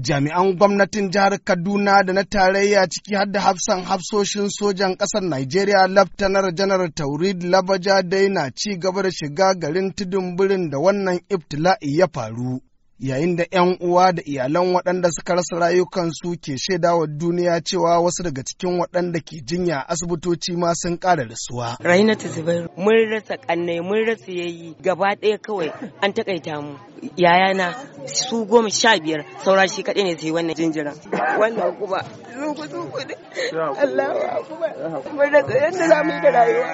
jami'an gwamnatin jihar Kaduna da na tarayya ciki har da hafsan hafsoshin sojan ƙasar Najeriya Laftanar Janar Taurid Labaja dai na ci gaba da shiga garin tudun birin da wannan ibtila'i ya faru. yayin da 'yan uwa da iyalan waɗanda suka rasa rayukansu ke shaida wa duniya cewa wasu daga cikin waɗanda ke jinya asibitoci ma sun ƙara rasuwa. Rainatu Zubairu mun rasa ƙanne mun rasa yayi gaba ɗaya kawai an taƙaita mu yayana su goma sha biyar saura shi kaɗai ne sai wannan jinjiran. Wannan kuma zuku zuku ne Allah mun rasa yadda za mu yi da rayuwa.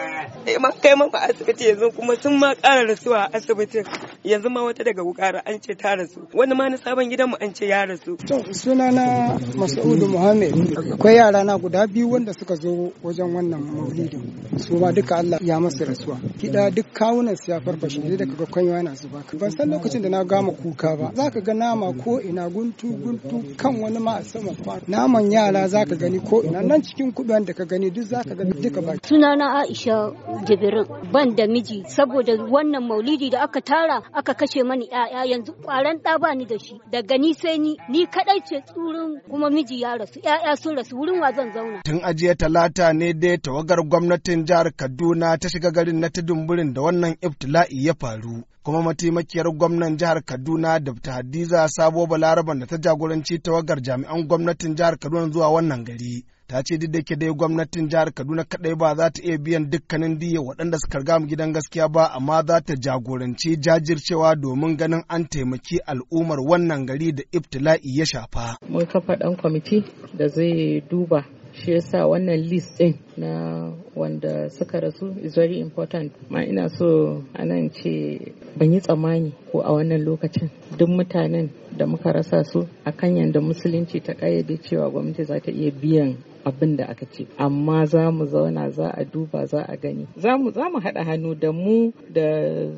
Kai ma mafa asibiti yanzu kuma sun ma ƙara rasuwa a asibitin. yanzu ma wata daga wukara an ce ta rasu wani ma na sabon gidan mu an ce ya rasu to suna na Mas'udu Muhammad akwai yara na guda biyu wanda suka zo wajen wannan maulidin su ma duka Allah ya masu rasuwa kida duk kawunan su ya farfashe ne daga ga kwanya yana zuba ban san lokacin da na gama kuka ba zaka ga nama ko ina guntu guntu kan wani ma a sama naman yara zaka gani ko ina nan cikin kuɗin da ka gani duk zaka ga duka ba sunana Aisha Jibirin ban da miji saboda wannan maulidi da aka tara aka kashe mani ƴaƴa yanzu kwaran ɗa ba ni da shi daga ni sai ni ni kaɗai ce tsurin kuma miji ya rasu 'ya'ya sun rasu wurin wa zan zauna tun ajiye talata ne dai tawagar gwamnatin jihar Kaduna ta shiga garin na tudunburin da wannan iftila'i ya faru kuma mataimakiyar gwamnan jihar Kaduna da ta Hadiza Sabo Balaraban da ta jagoranci tawagar jami'an gwamnatin jihar Kaduna zuwa wannan gari ta ce duk da ke dai gwamnatin jihar kaduna kadai ba za ta iya biyan dukkanin diya waɗanda suka riga mu gidan gaskiya ba amma za ta jagoranci jajircewa domin ganin an taimaki al'ummar wannan gari da iftila'i ya shafa mun kafa ɗan kwamiti da zai duba shi yasa wannan list ɗin na wanda suka rasu is very important ma ina so anan ce ban yi tsammani ko a wannan lokacin duk mutanen da muka rasa su a kan yadda musulunci ta kayyade cewa gwamnati za ta iya biyan abin da aka ce amma za mu zauna za a duba za a gani za mu haɗa hannu da mu da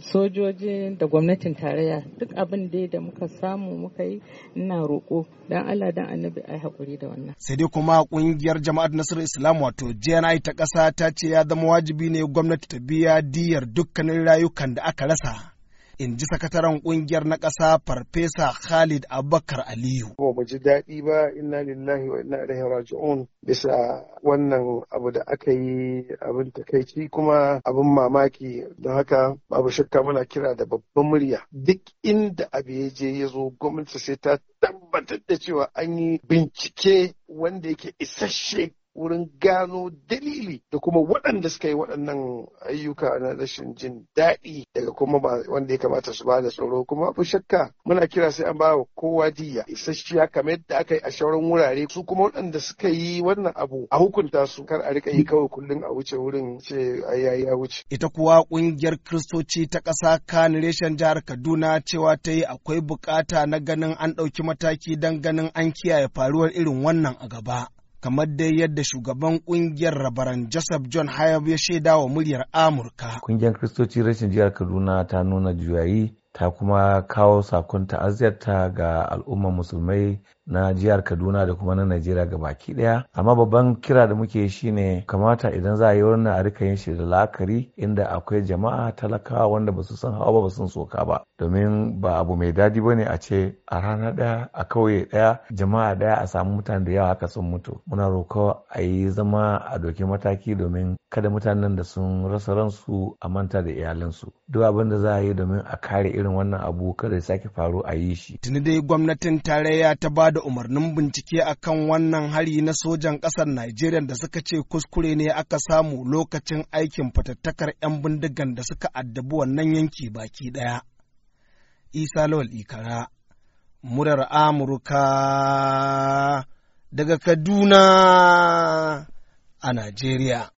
sojojin da gwamnatin tarayya duk abin da da muka samu muka yi ina roƙo dan Allah dan annabi ai haƙuri da wannan sai dai kuma ƙungiyar jama'ar nasarar islam wato JNI ta ƙasa ta ce ya zama wajibi ne gwamnati ta biya diyar dukkanin rayukan da aka rasa in ji sakataren kungiyar na ƙasa farfesa Khalid Abubakar Aliyu. Ba mu ji daɗi ba inna lillahi wa inna ilaihi raji'un bisa wannan abu da aka yi abin takaici kuma abin mamaki don haka babu shakka muna kira da babban murya duk inda abu ya je ya zo gwamnati sai ta tabbatar da cewa an yi bincike wanda yake isasshe wurin gano dalili da kuma waɗanda suka yi waɗannan ayyuka na rashin jin daɗi daga kuma wanda ya kamata su ba da tsoro kuma abu shakka muna kira sai an ba wa kowa diya isasshiya kamar yadda aka yi a shauran wurare su kuma waɗanda suka yi wannan abu a hukunta su kar a rika yi kawai kullum a wuce wurin ce ya wuce. Ita kuwa ƙungiyar Kiristoci ta ƙasa Kanireshen jihar Kaduna cewa ta yi akwai buƙata na ganin an ɗauki mataki don ganin an kiyaye faruwar irin wannan a gaba. kamar dai yadda shugaban kungiyar rabaran Joseph John Hayab ya shaida wa muryar Amurka. Kungiyar Kristoci rashin jihar Kaduna ta nuna juyayi ta kuma kawo sakon ta'aziyarta ga al'ummar musulmai na jihar kaduna da kuma na najeriya ga baki daya amma babban kira da muke shine kamata idan za a yi wannan a rika yin shi da la'akari inda akwai jama'a talakawa wanda ba su san hawa ba ba sun soka ba domin ba abu mai dadi ne a ce a rana daya a kauye daya jama'a daya a samu mutane da yawa haka sun mutu muna roko a yi zama a doki mataki domin kada mutanen da sun rasa ransu a manta da iyalinsu. duk abin da za a yi domin a kare irin irin wannan abu kada ya sake faru a yi shi. Tuni dai gwamnatin tarayya ta ba da umarnin bincike a kan wannan hari na sojan ƙasar Najeriya da suka ce kuskure ne aka samu lokacin aikin fatattakar 'yan bindigan da suka addabi wannan yanki baki ɗaya. Isa Lawal Ikara, murar Amurka daga Kaduna a Najeriya.